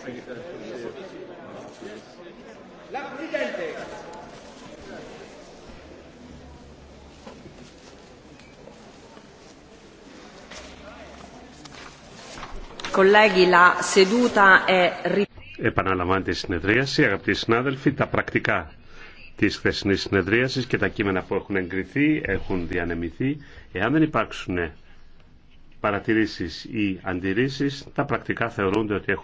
La Presidente. Επαναλαμβάνεται η συνεδρίαση. Αγαπητοί συνάδελφοι, τα πρακτικά τη χθεσινή συνεδρίαση και τα κείμενα που έχουν εγκριθεί έχουν διανεμηθεί. Εάν δεν υπάρξουν παρατηρήσει ή αντιρρήσει. τα πρακτικά θεωρούνται ότι έχουν